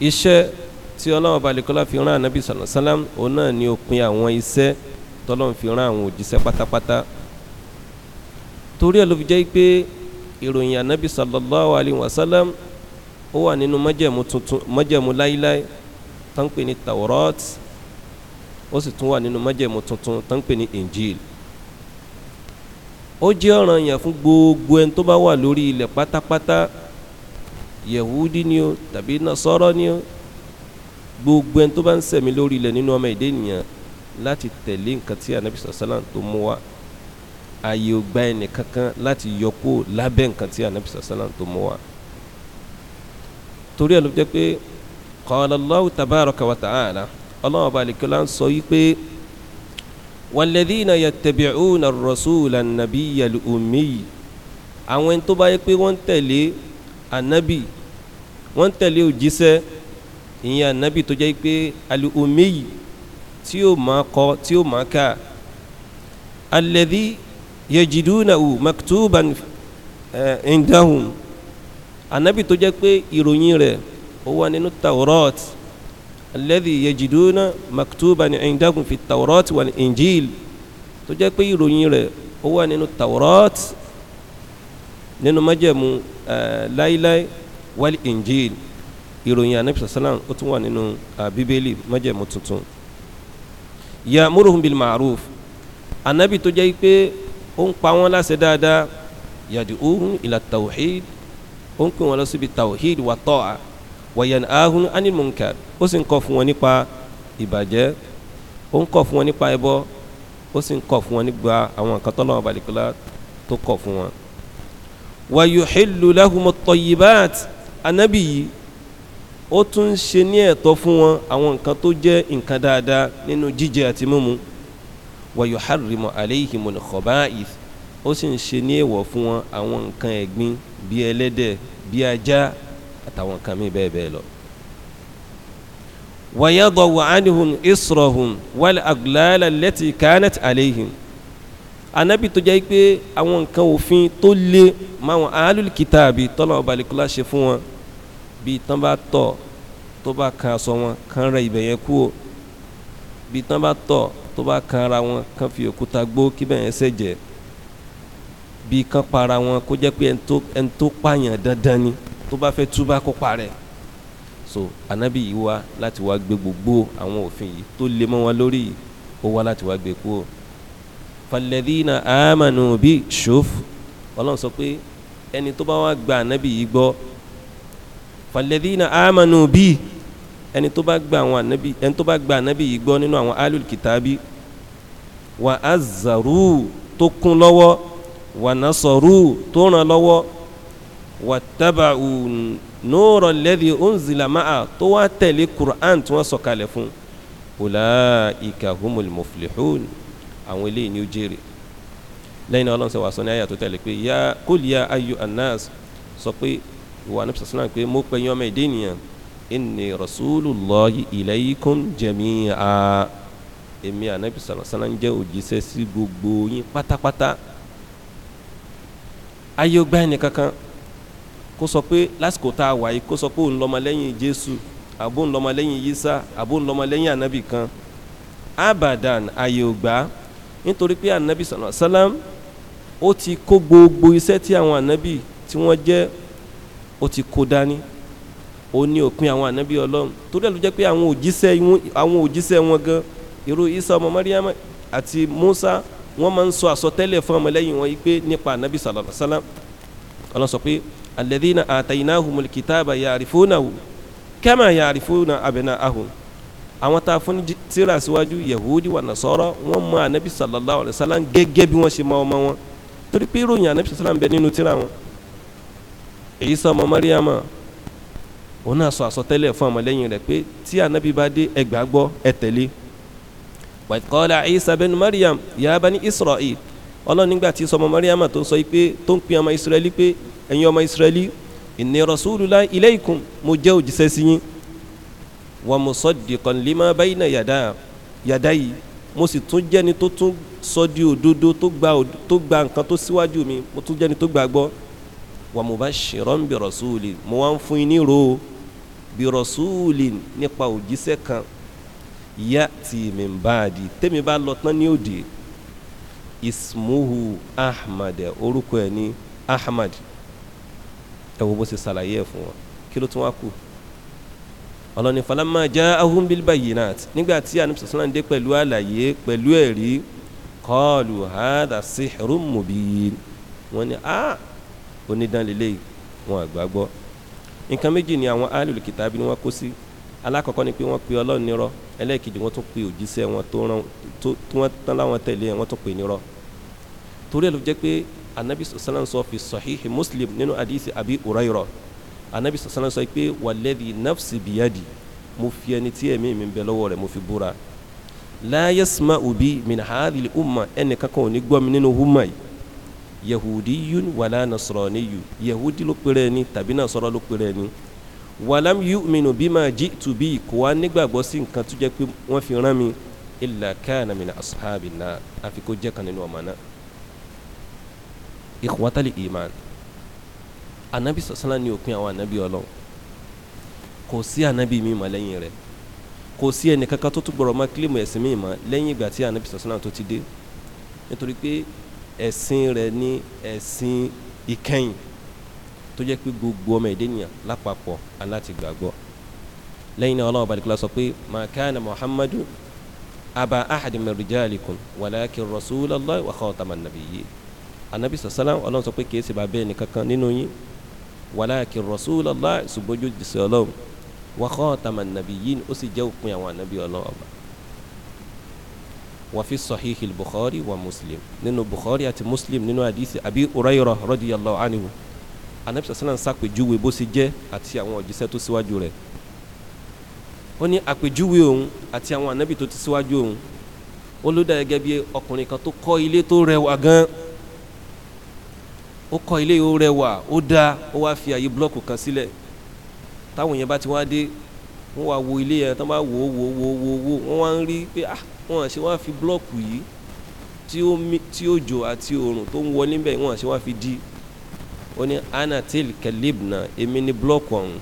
iṣẹ́ tí ọlọ́run balikọ́lá fi rán anabi sàlọ́sálàm òun náà ni òpin àwọn iṣẹ́ tọ́lọ́run fi rán àwọn òjíṣẹ́ pátápátá torí ẹ̀ ló fi jẹ́ pé ìròyìn anabi sallallahu alayhi wa sallam ó wà nínú májẹ̀mú tuntun májẹ̀mú láíláí tó ń pè ní tawrat ó sì tún wà nínú májẹ̀mú tuntun tó ní injil ó jẹ́ ọ̀ranyàn fún gbogbo ẹni tó bá wà lórí ilẹ̀ pátápátá. Pata yehudi ni o tàbí nasọ́rọ́ ni o gbogbo ẹni tó bá ń sẹ̀mí lórí ilẹ̀ nínú ọmọ èdè nìyẹn láti tẹ̀lé nǹkan tí anabi sàlám tó mú wá ààyè ò gba ẹnì kankan láti yọkó lábẹ́ nǹkan tí anabi sàlám tó mú wá torí ẹ̀ ló jẹ́ pé qala Allahu tabaraka wa ta'ala ọlọ́run ọba àlekọ́lá sọ yí pé walladhina yattabi'una ar-rasula an-nabiyya al-ummi àwọn ẹni tó bá yẹ pé wọ́n tẹ̀lé anabi wọ́n tẹ̀lé òjíṣẹ́ ìyẹn ànábì tó jẹ́ pé al-ummi tí ó máa kọ tí ó máa kà alladhi yajidunahu maktuban indahum ànábì tó jẹ́ pé ìròyìn rẹ̀ ó wà nínú taurat alladhi yajiduna maktuban indahum fi taurat wal injil tó jẹ́ pé ìròyìn rẹ̀ ó wà nínú taurat nínú májẹ̀mú láíláí. Uh, wal injil ìròyìn anabi sàlám ó tún wà nínú bíbélì májẹ̀mú tuntun ya'muruhum bil ma'ruf anabi tó jẹ́ pé ó ń pa wọ́n láṣẹ dáadáa yad'uhum ila tawhid ó ń pè wọ́n lọ síbi tawhid wa ta'a wa yan'ahum anil munkar ó sì ń kọ́ fún wọn nípa ìbàjẹ́ ó ń kọ́ fún wọn nípa ẹbọ ó sì ń kọ́ fún wọn nípa àwọn nǹkan tọ́lọ́wọ́ balẹ̀kọ́lá tó kọ́ fún wọn. wa yuhillu lahumu tayyibat anabi yìí ó tún ṣe ní ẹ̀tọ́ fún wọn àwọn nǹkan tó jẹ́ nǹkan dáadáa nínú jíjẹ àti mímu wa yuharrimu alayhimul khaba'ith ó sì ń ṣe ní èèwọ̀ fún wọn àwọn nǹkan ẹ̀gbin bíi ẹlẹ́dẹ̀ bíi ajá àtàwọn nǹkan míì bẹ́ẹ̀ bẹ́ẹ̀ lọ. wa yadau anhum israhum wal aglala allati kanat alayhim anabi tó jẹ́ pé àwọn nǹkan òfin tó le máwọn alul kitaabi tọ́lá ọba ṣe fún wọn bíi tán bá tọ̀ tó bá kan aṣọ wọn kán rẹ ibẹ̀ yẹn kú o bíi tán bá tọ̀ tó bá kan ara wọn kán fi òkúta gbó kí bẹ́ẹ̀ yẹn ṣẹ̀jẹ̀ bíi kán para wọn kó jẹ́ pé ẹni tó pààyàn dandan ni tó bá fẹ́ túbá kó parẹ́ so anabi yìí wá láti wá gbé gbogbo àwọn òfin yìí tó lé mọ́ wọn lórí yìí ó wá láti wá gbé kú o falẹ́dínà àmàlù ṣòf ọlọ́run sọ pé ẹni tó bá wá gba anabi yìí gbọ́ falladhina amanu bíi ẹni tó bá gba àwọn ànábì ẹni tó bá gba ànábì yìí gbọ́ nínú àwọn alul kitabi wa azzaru tó kún lọ́wọ́ wa nasaru tó ràn lọ́wọ́ wa taba'u nura alladhi unzila ma'a tó wá tẹ̀lé Qur'an tí wọ́n sọ̀kalẹ̀ fún ulaika humul muflihun àwọn eléyìí ni ó jèrè lẹ́yìn náà ọlọ́run sọ wàásù ní àyà tó tẹ̀lé pé ya kul ya ayyuhan sọ pé ìwà anabi sàlẹ̀ sàlẹ̀ pé mo pè yín ọmọ èdè ènìyàn inni rasulullahi ilaykum jami'a èmi anabi sàlẹ̀ sàlẹ̀ ń jẹ́ òjíṣẹ́ sí gbogbo yín pátápátá ayé ọgbà ẹni kankan kó sọ pé lásìkò tá a wà yìí kó sọ pé òun lọ́mọlẹ́yìn jésù àbó ń lọ́mọlẹ́yìn yísà àbó ń lọ́mọlẹ́yìn anabi kan abadan ayé ọgbà nítorí pé anabi sàlẹ̀ ó ti kó gbogbo iṣẹ́ tí àwọn anabi tí wọ́n jẹ́ ó ti kó dání ó ní òpin àwọn ànábì ọlọ́run torí ẹ̀ ló jẹ́ pé àwọn òjíṣẹ́ àwọn òjíṣẹ́ wọn gan irú isa ọmọ mariam àti musa wọ́n máa ń sọ àsọtẹ́lẹ̀ fún ọmọlẹ́yìn wọn yìí pé nípa ànábì sallallahu alaihi wasallam ọlọ́run sọ pé alladhina ataynahumul kitaba ya'rifunahu kama ya'rifuna abna'ahum àwọn tá a fún tírà síwájú yahudi wà nasara wọ́n mọ ànábì sallallahu alaihi wasallam gẹ́gẹ́ bí wọ́n ṣe mọ ọmọ wọn torí pé ìròyìn ànábì sallallahu alaihi bẹ nínú tírà wọn Ìsá ọmọ Mariam òun náà sọ àsọtẹ́lẹ̀ fún ọmọlẹ́yìn rẹ̀ pé tí anabi bá dé ẹ gbàgbọ́ ẹ tẹ̀lé wa qala Ìsá bẹ́nu Mariam ya bani Isra'il ọlọ́run nígbà tí sọmọ Mariam tó ń sọ pé tó ń pin ọmọ Israẹli pé ẹ̀yin ọmọ Israẹli inni rasulullah ilaykum mo jẹ́ òjíṣẹ́ sí yín wa musaddiqan lima bayna yada yadayi mo sì tún jẹ́ni tó tún sọ di òdodo tó gba nǹkan tó síwájú mi mo tún jẹ́ni tó gbàgbọ́ wa mubashiran bi rasulin mo wá ń fún yín ní ro bi rasulin nípa òjíṣẹ́ kan ya'ti min ba'di tẹ́mi bá lọ tán ní òde ismuhu ahmad orúkọ ẹ̀ ní ahmad ẹ wo bó ṣe ṣàlàyé ẹ̀ fún wa kí ló tún wá kù ọlọ́ni falama jẹ́ ahun bilbayinat nígbà tí anamisa sọ́nà dé pẹ̀lú àlàyé pẹ̀lú ẹ̀rí kọ́ọ̀lù hadha sihrun mubin wọ́n ní ah onídánlélẹ́ yìí wọn àgbàgbọ́ nǹkan méjì ni àwọn alùlù kìtàbí ni wọ́n kó sí alákọ̀ọ́kọ́ ni pé wọ́n pe ọlọ́run nírọ́ ẹlẹ́ẹ̀kejì wọ́n tún pe òjíṣẹ́ wọn tó rán tó wọ́n tán láwọn tẹ̀lé wọ́n tún pe nírọ́ torí ẹ̀ ló jẹ́ pé anabi sọ̀sánà sọ fi sọ̀híhì muslim nínú àdìsí àbí ùráyìrọ̀ anabi sọ̀sánà sọ pé wàlẹ́dì nafsi bìyàdì mo fi ẹni tí ẹ̀mí mi ń bẹ lọ́wọ́ rẹ̀ mo fi búra láyé sma òbí min hadhihi umma ẹnìkan kan ò ní gbọ́ mi nínú umma yìí yahudiyun wàlá nasraniyun yahudi ló pèrè ni tàbí nasara ló pèrè ni wàlám yu'minu bima ji'tu bi kò wá nígbàgbọ́ sí nǹkan tó jẹ́ pé wọ́n fi rán mi illa kana min ashabi náà àfi kó jẹ́ kan nínú ọmọ náà ikhwatal iman anabi sasana ni òpin àwọn anabi Ọlọ́run kò sí anabi mi mọ́ lẹ́yìn rẹ̀ kò sí ẹnìkankan tó tún gbọ́rọ̀ máa kílímù ẹ̀sìn mi mọ́ lẹ́yìn ìgbà tí anabi sasana tó ti dé nítorí pé ẹ̀sìn rẹ̀ ní ẹ̀sìn ìkẹyìn tó jẹ́ pé gbogbo ọmọ ẹ̀dẹ́ nìyà lápapọ̀ aláti gbàgbọ́ lẹ́yìn náà ọlọ́run balẹ̀kọ́lá sọ pé makana muhammadu aba ahadi min rijalikum walakin rasulallah wa khataman nabiyyin anabi sàlám ọlọ́run sọ pé kìí ṣe bàbá ẹni kankan nínú yín walakin rasulallah ṣùgbọ́n ojú ìṣẹ́ ọlọ́run wa khataman nabiyyin ó sì jẹ́ òpin àwọn anabi ọlọ́run wàfi sọ̀híhì bukhari wa muslim nínú bukhari àti muslim nínú àdìsí àbí urayra radiyallahu anhu anabi sasana ń sàpèjúwe bó ṣe jẹ́ àti àwọn òjíṣẹ́ tó síwájú rẹ̀ ó ní àpèjúwe òun àti àwọn anabi tó ti síwájú òun ó ló dà gẹ́gẹ́ bí ọkùnrin kan tó kọ́ ilé tó rẹwà gan ó kọ́ ilé yóò rẹwà ó dáa ó wá fi àyè blọ́ọ̀kù kan sílẹ̀ táwọn yẹn bá ti wá dé wọ́n wá wo ilé yẹn tán bá wò ó wò ó wò ó wò ó wò ó wọ́n wá ń rí pé ah wọ́n ṣe wá fi blọ́ọ̀kù yìí tí ó mi tí òjò àti oòrùn tó ń wọlé bẹ́ẹ̀ wọ́n ṣe wá fi dí ó ní anatil kalibna èmi ni blọ́ọ̀kù ọ̀hún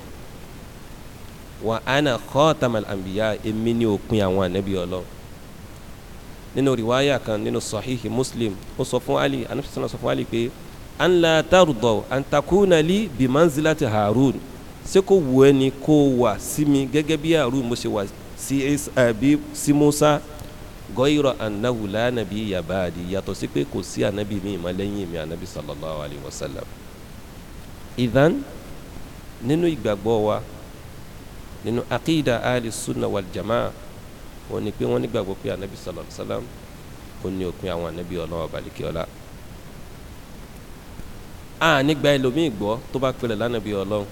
wa ana khatamal anbiya èmi ni òpin àwọn ànábì ọlọ́run nínú riwaya kan nínú sahihi muslim ó sọ fún ali anabi sọ fún ali pé an la tarudọ bimanzilati harun ṣé kò wù ẹ́ ni kó wà sí mi gẹ́gẹ́ bí àrùn mo ṣe wà sí àbí eh, sí Musa gọ́yìrọ̀ anahu lánàbí yabaadi yàtọ̀ sí pé kò sí anabi mi ìmọ̀ lẹ́yìn mi anabi sallallahu alayhi wa sallam. ìdán nínú ìgbàgbọ́ wa nínú aqida ali sunna wal jamaa wọ́n ní pé wọ́n nígbàgbọ́ pé anabi sallallahu alayhi wa sallam ó ní òpin àwọn anabi ọlọ́wọ́ balikiola a nígbà ẹlòmíì gbọ́ tó bá pẹlẹ̀ lánàbí ọlọ́run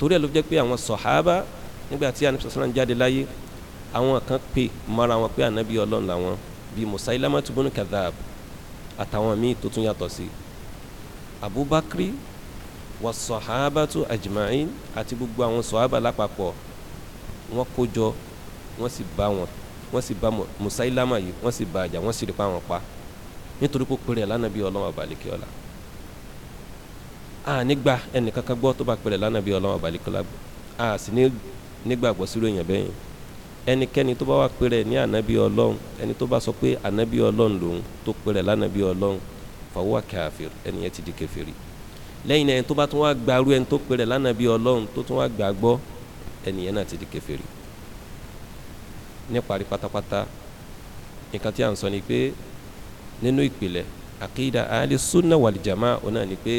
torí ẹ̀ ló jẹ́ pé àwọn sọ̀hábà nígbà tí anabi sọ̀sọ́nà jáde láyé àwọn kan pè mara wọn pé anabi ọlọ́run làwọn bíi musailamatu bunu kadhab àtàwọn míì tó tún yàtọ̀ sí abubakri wa sọ̀hábàtú ajma'in àti gbogbo àwọn sọ̀hábà lápapọ̀ wọ́n kó jọ wọ́n sì bá wọn wọ́n sì bá musailama yìí wọ́n sì bá àjà wọ́n sì rí pa wọn pa nítorí pé ó pèrè lánàá ọlọ́run àbálẹ̀kẹ́ ọ̀la a nígbà ẹnìkankan gbọ́ tó bá pẹlẹ̀ lánàá bí ọlọ́run àbálẹ́kọ́lá gbọ́ a sì ní nígbàgbọ́ sírò èèyàn bẹ́ẹ̀ yẹn ẹnikẹ́ni tó bá wà pé rẹ̀ ní ànábì ọlọ́run ẹni tó bá sọ pé ànábì ọlọ́run lòun tó pé rẹ̀ lánàbì ọlọ́run fàwọ́ kàfíìrì ẹni yẹn ti di kẹfìrì lẹ́yìn náà ẹni tó bá tún wá gbarú ẹni tó pé rẹ̀ lánàbì ọlọ́run tó tún wá gbàgbọ́ ẹni yẹn náà ti di kẹfìrì níparí pátápátá nǹkan tí a ń sọ ni pé nínú ìpìlẹ̀ àkídà àlẹ́ sunna wàlìjàmá ọ̀nà ni pé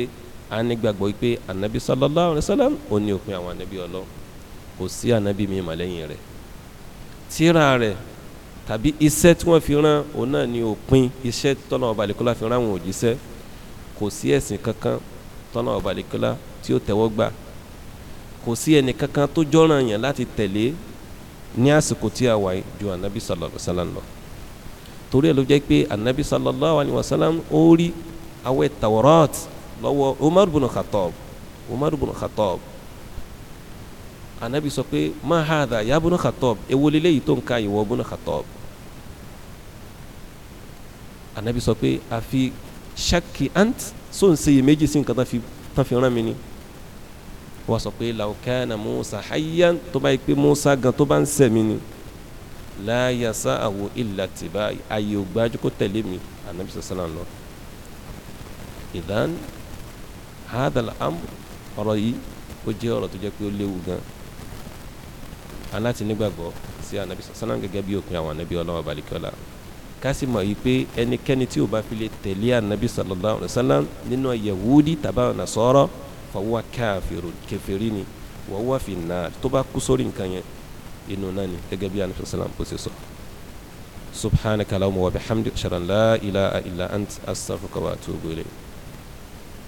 a ní gbàgbọ́ wípé anabi sallallahu alayhi wa sallam ó ní òpin àwọn anabi ọlọ́run kò sí anabi mi mà lẹ́yìn rẹ̀ tíra rẹ̀ tàbí iṣẹ́ tí wọ́n fi rán òun náà ní òpin iṣẹ́ tọ́nà ọba àlekọ́lá fi rán àwọn òjíṣẹ́ kò sí ẹ̀sìn kankan tọ́nà ọba àlekọ́lá tí ó tẹ́wọ́ gbà kò sí ẹnì kankan tó jọ́ràn yàn láti tẹ̀lé ní àsìkò tí a wà ju anabi sallallahu alayhi wa sallam lọ torí ẹ̀ ló jẹ́ pé anabi sallallahu alayhi wa sallam ó rí awẹ́ tawrat lọ́wọ́ Umar bin Khattab Umar bin Khattab anabi sọ pé ma hadha ya bin Khattab ewo lélẹ́yìí tó ń ka ìwọ bin Khattab anabi sọ pé àfi ṣáàkì ant so ń ṣe iyèméjì sí nǹkan tán fi rán mi ni wọ́n sọ pé law kana Musa hayyan tó bá yẹ pé Musa gan tó bá ń sẹ̀mí ni láyàsá àwò ilà tìbá ayé ògbájú kó tẹ̀lé mi anabi sọ sọ́nà lọ hadal amr ọ̀rọ̀ yìí ó jẹ́ ọ̀rọ̀ tó jẹ́ pé ó léwu gan aláti nígbàgbọ́ sí anabi sàlám gẹ́gẹ́ bí òpin àwọn anabi ọlọ́wọ́ balikọ́lá kásì mọ̀ yìí pé ẹnikẹ́ni tí ó bá fi lè tẹ̀lé anabi sallallahu alaihi wasallam nínú yahudi tàbá nasara fahuwa kafirun kèfèrí ni wa huwa finnar tó bá kú sórí nǹkan yẹn inú náà ni gẹ́gẹ́ bí anabi sàlám kò ṣe sọ. subhanaka lahumma wa bihamdi sharan la ilaha ant astaghfiruka wa atubu ilayk.